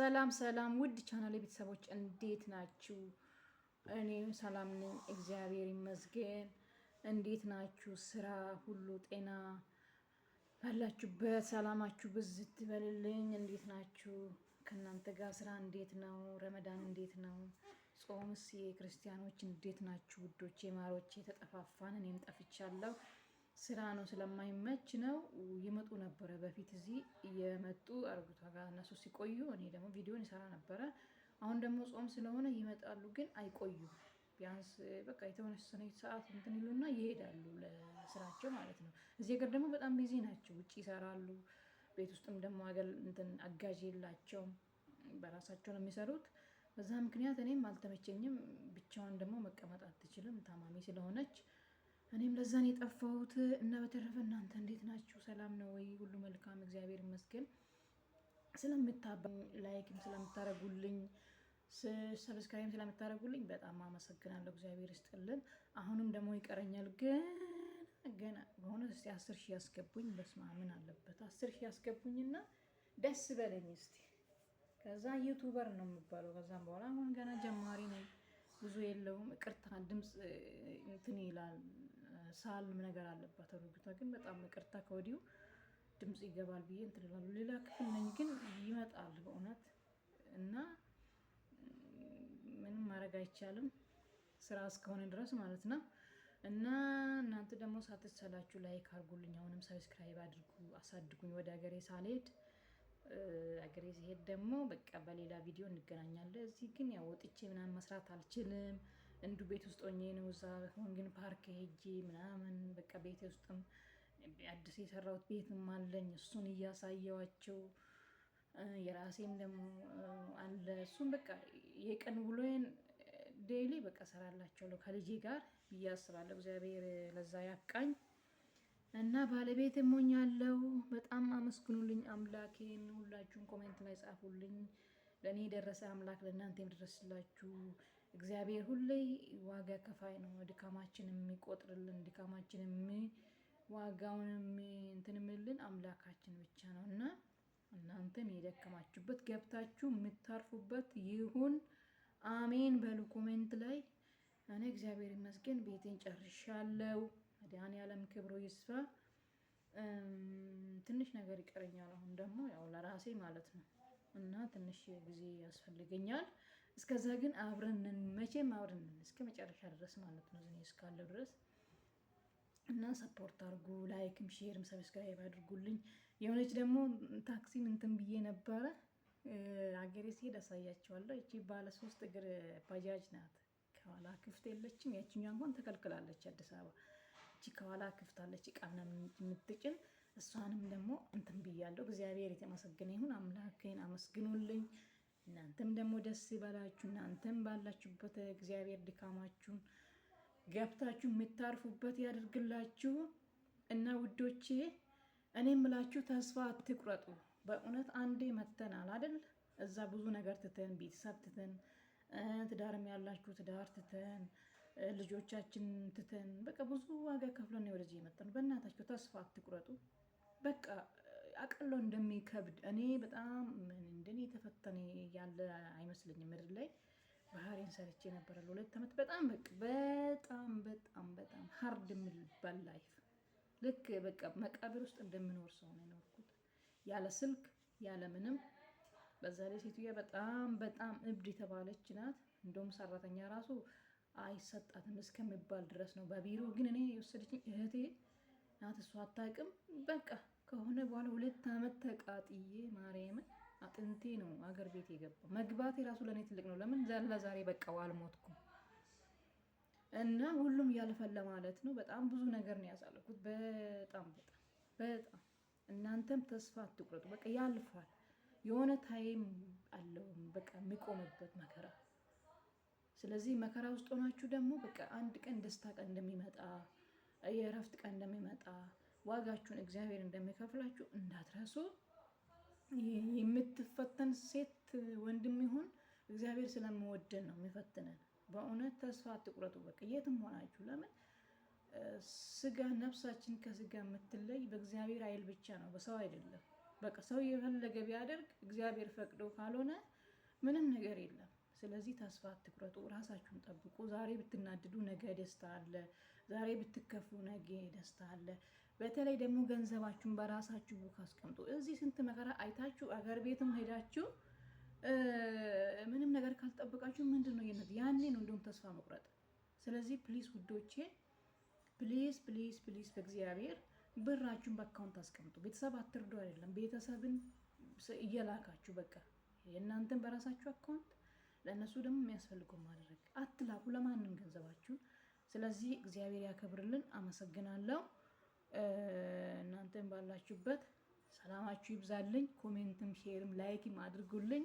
ሰላም ሰላም ውድ ቻናል ቤተሰቦች እንዴት ናችሁ? እኔ ሰላም ነኝ፣ እግዚአብሔር ይመስገን። እንዴት ናችሁ? ስራ ሁሉ፣ ጤና ባላችሁበት ሰላማችሁ ብዝት በልልኝ። እንዴት ናችሁ? ከእናንተ ጋር ስራ እንዴት ነው? ረመዳን እንዴት ነው? ጾምስ የክርስቲያኖች እንዴት ናችሁ? ውዶቼ፣ ማሮቼ፣ ተጠፋፋን። እኔም ጠፍቻለሁ። ስራ ነው ስለማይመች ነው ይመጡ ነበረ። በፊት እዚህ የመጡ አርጉታ ጋር እነሱ ሲቆዩ እኔ ደግሞ ቪዲዮን ይሰራ ነበረ። አሁን ደግሞ ጾም ስለሆነ ይመጣሉ፣ ግን አይቆዩም። ቢያንስ በቃ የተወሰነ ሰዓት እንትን ይሉና ይሄዳሉ ለስራቸው ማለት ነው። እዚህ ሀገር ደግሞ በጣም ቢዚ ናቸው። ውጭ ይሰራሉ፣ ቤት ውስጥም ደግሞ አገል እንትን አጋዥ የላቸውም። በራሳቸው ነው የሚሰሩት። በዛ ምክንያት እኔም አልተመቸኝም። ብቻዋን ደግሞ መቀመጥ አትችልም ታማሚ ስለሆነች እኔም ለዛን የጠፋሁት እና በተረፈ እናንተ እንዴት ናችሁ? ሰላም ነው ወይ? ሁሉ መልካም እግዚአብሔር ይመስገን። ስለምታባኝ ላይክም ስለምታደርጉልኝ ሰብስክራይም ስለምታደርጉልኝ በጣም አመሰግናለሁ። እግዚአብሔር ይስጥልን። አሁንም ደግሞ ይቀረኛል ግን ገና በሆነ እስቲ አስር ሺህ ያስገቡኝ። በስመ አለበት አስር ሺህ ያስገቡኝና ደስ በለኝ እስቲ። ከዛ ዩቱበር ነው የሚባለው። ከዛም በኋላ አሁን ገና ጀማሪ ነው ብዙ የለውም። ቅርታ ድምፅ እንትን ይላል ሳልም ነገር አለባት ሩግቷ። ግን በጣም ይቅርታ ከወዲሁ ድምፅ ይገባል ብዬ እንትን እላሉ። ሌላ ክፍል ነኝ ግን ይመጣል በእውነት እና ምንም ማድረግ አይቻልም ስራ እስከሆነ ድረስ ማለት ነው። እና እናንተ ደግሞ ሳትሰላችሁ ላይክ አድርጉልኝ፣ አሁንም ሰብስክራይብ አድርጉ፣ አሳድጉኝ። ወደ ሀገሬ ሳልሄድ ሀገሬ ሲሄድ ደግሞ በቃ በሌላ ቪዲዮ እንገናኛለን። እዚህ ግን ያው ወጥቼ ምናምን መስራት አልችልም። እንዱ ቤት ውስጥ ሆኜ ነው እዛ ሆንግን ፓርክ ሄጄ ምናምን በቃ ቤቴ ውስጥም አዲስ የሰራሁት ቤትም አለኝ። እሱን እያሳየዋቸው የራሴም ደግሞ አለ። እሱም በቃ የቀን ውሎዬን ዴይሊ በቃ ሰራላቸዋለሁ ከልጄ ጋር ብዬ አስባለሁ። እግዚአብሔር ለዛ ያብቃኝ እና ባለቤት ሞኛለሁ። በጣም አመስግኑልኝ አምላኬን። ሁላችሁን ኮሜንት ላይ ጻፉልኝ። ለእኔ የደረሰ አምላክ ለእናንተ የደረስላችሁ እግዚአብሔር ሁሌ ዋጋ ከፋይ ነው። ድካማችን የሚቆጥርልን ድካማችን ዋጋውን እንትን የሚልን አምላካችን ብቻ ነው እና እናንተም የደከማችሁበት ገብታችሁ የምታርፉበት ይሁን። አሜን በሉ ኮሜንት ላይ። እኔ እግዚአብሔር ይመስገን ቤቴን ጨርሻለሁ። ያለም ክብሩ ይስፋ። ትንሽ ነገር ይቀረኛል። አሁን ደግሞ ያው ለራሴ ማለት ነው እና ትንሽ ጊዜ ያስፈልገኛል። እስከዛ ግን አብረንን መቼም አብረንን እስከ መጨረሻ ድረስ ማለት ነው እኔ እስካለው ድረስ እና ሰፖርት አድርጉ። ላይክም ሼርም ሰብስክራይብ አድርጉልኝ። የሆነች ደግሞ ታክሲ እንትን ብዬ ነበረ አገሬ ሲሄድ አሳያቸዋለሁ። ይቺ ባለ ሶስት እግር ባጃጅ ናት። ከኋላ ክፍት የለችም። ያችኛ እንኳን ተከልክላለች አዲስ አበባ። እቺ ከኋላ ክፍት አለች ቃና የምትጭን እሷንም ደግሞ እንትን ብያለሁ። እግዚአብሔር የተመሰገነ ይሁን። አምላኬን አመስግኑልኝ። እናንተም ደግሞ ደስ ይበላችሁ። እናንተም ባላችሁበት እግዚአብሔር ድካማችሁን ገብታችሁ የምታርፉበት ያደርግላችሁ እና ውዶቼ፣ እኔ የምላችሁ ተስፋ አትቁረጡ። በእውነት አንዴ መተናል አይደል? እዛ ብዙ ነገር ትተን ቤተሰብ ትተን ትዳርም ያላችሁ ትዳር ትተን ልጆቻችን ትተን በቃ ብዙ ዋጋ ከፍለን ወደዚህ የመጣን። በእናታችሁ ተስፋ አትቁረጡ። በቃ አቀሎ እንደሚከብድ እኔ በጣም እንደኔ የተፈተነ ያለ አይመስለኝም ምድር ላይ ባህሬን ሰርቼ የነበረ ለሁለት ዓመት በጣም በቃ በጣም በጣም በጣም ሀርድ የሚባል ላይፍ ልክ በቃ መቃብር ውስጥ እንደምኖር ሰው ነው የኖርኩት ያለ ስልክ ያለ ምንም በዛ ላይ ሴትዮዋ በጣም በጣም እብድ የተባለች ናት እንደውም ሰራተኛ ራሱ አይሰጣትም እስከሚባል ድረስ ነው በቢሮ ግን እኔ የወሰደችኝ እህቴ ናት እሷ አታውቅም በቃ ከሆነ በኋላ ሁለት አመት ተቃጥዬ ማርያምን አጥንቴ ነው አገር ቤት የገባ መግባት የራሱ ለእኔ ትልቅ ነው። ለምን ዛላ ዛሬ በቃ አልሞትኩም እና ሁሉም ያልፈለ ማለት ነው። በጣም ብዙ ነገር ነው ያሳለኩት። በጣም በጣም በጣም እናንተም ተስፋ አትቁረጡ። በቃ ያልፋል። የሆነ ታይም አለው በቃ የሚቆምበት መከራ። ስለዚህ መከራ ውስጥ ሆናችሁ ደግሞ በቃ አንድ ቀን ደስታ ቀን እንደሚመጣ የእረፍት ቀን እንደሚመጣ ዋጋችሁን እግዚአብሔር እንደሚከፍላችሁ እንዳትረሱ። የምትፈተን ሴት ወንድም ይሁን እግዚአብሔር ስለሚወደን ነው የሚፈትነን። በእውነት ተስፋ አትቁረጡ። በቃ የትም ሆናችሁ ለምን ስጋ ነፍሳችን ከስጋ የምትለይ በእግዚአብሔር ኃይል ብቻ ነው፣ በሰው አይደለም። በቃ ሰው የፈለገ ቢያደርግ እግዚአብሔር ፈቅዶ ካልሆነ ምንም ነገር የለም። ስለዚህ ተስፋ አትቁረጡ፣ ራሳችሁን ጠብቁ። ዛሬ ብትናድዱ ነገ ደስታ አለ። ዛሬ ብትከፉ ነገ ደስታ አለ። በተለይ ደግሞ ገንዘባችሁን በራሳችሁ ቡክ አስቀምጡ። እዚህ ስንት መከራ አይታችሁ አገር ቤትም ሄዳችሁ ምንም ነገር ካልጠበቃችሁ ምንድን ነው የነት ያኔ ነው እንደውም ተስፋ መቁረጥ። ስለዚህ ፕሊስ ውዶቼ፣ ፕሊስ ፕሊስ ፕሊስ በእግዚአብሔር ብራችሁን በአካውንት አስቀምጡ። ቤተሰብ አትርዶ አይደለም ቤተሰብን እየላካችሁ በቃ የእናንተን በራሳችሁ አካውንት ለእነሱ ደግሞ የሚያስፈልገው ማድረግ አትላኩ ለማንም ገንዘባችሁን። ስለዚህ እግዚአብሔር ያከብርልን። አመሰግናለሁ። ባላችሁበት ሰላማችሁ ይብዛልኝ። ኮሜንትም፣ ሼርም ላይክም አድርጉልኝ።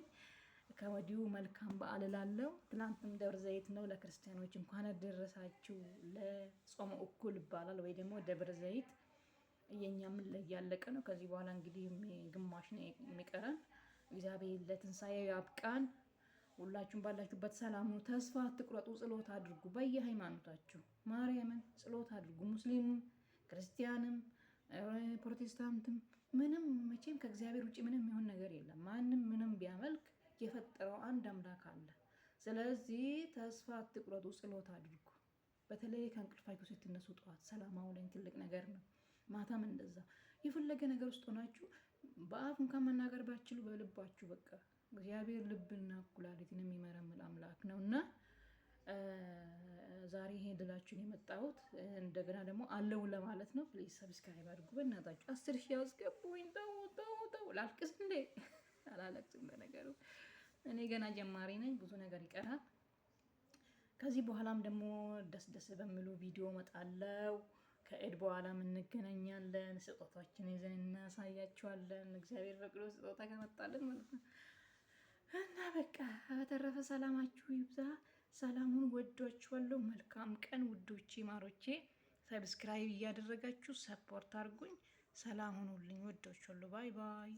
ከወዲሁ መልካም በዓል እላለሁ። ትናንትም ደብረ ዘይት ነው። ለክርስቲያኖች እንኳን አደረሳችሁ ለጾመ እኩል ይባላል ወይ ደግሞ ደብረ ዘይት። ላይ ያለቀ ነው። ከዚህ በኋላ እንግዲህ ግማሽ ነው የሚቀረን። እግዚአብሔር ለትንሳኤ ያብቃን። ሁላችሁም ባላችሁበት ሰላም ነው። ተስፋ አትቁረጡ። ጸሎት አድርጉ። በየሃይማኖታችሁ ማርያምን ጸሎት አድርጉ። ሙስሊምም ክርስቲያንም ፕሮቴስታንትም ምንም መቼም ከእግዚአብሔር ውጭ ምንም የሚሆን ነገር የለም። ማንም ምንም ቢያመልክ የፈጠረው አንድ አምላክ አለ። ስለዚህ ተስፋ አትቁረጡ፣ ጸሎት አድርጉ። በተለይ ከእንቅልፋችሁ ስትነሱ ጠዋት ሰላም አውለኝ ትልቅ ነገር ነው። ማታም እንደዛ የፈለገ ነገር ውስጥ ሆናችሁ በአፍ እንኳን መናገር ባችሉ በልባችሁ በቃ እግዚአብሔር ልብና ኩላሊትን የሚመረምር አምላክ ነው እና ዛሬ ይሄ ልላችሁን የመጣሁት እንደገና ደግሞ አለው ለማለት ነው። ፕሊዝ ሰብስክራይብ አድርጉ። በእናታችሁ አስር ሺህ አስገቡኝ። ተው ተው ተው። ላልቅስ እንዴ? አላለቅስም። በነገሩ እኔ ገና ጀማሪ ነኝ። ብዙ ነገር ይቀራል። ከዚህ በኋላም ደግሞ ደስ ደስ በሚሉ ቪዲዮ መጣለው። ከኤድ በኋላም እንገናኛለን። ስጦታችን ይዘን እናሳያችኋለን። እግዚአብሔር ፈቅዶ ስጦታ ከመጣለን ማለት ነው እና በቃ በተረፈ ሰላማችሁ ይብዛ። ሰላሙን ወዷችኋለሁ። መልካም ቀን ውዶቼ ማሮቼ። ሰብስክራይብ እያደረጋችሁ ሰፖርት አድርጉኝ። ሰላም ሁኑልኝ። ወዳችኋለሁ። ባይ ባይ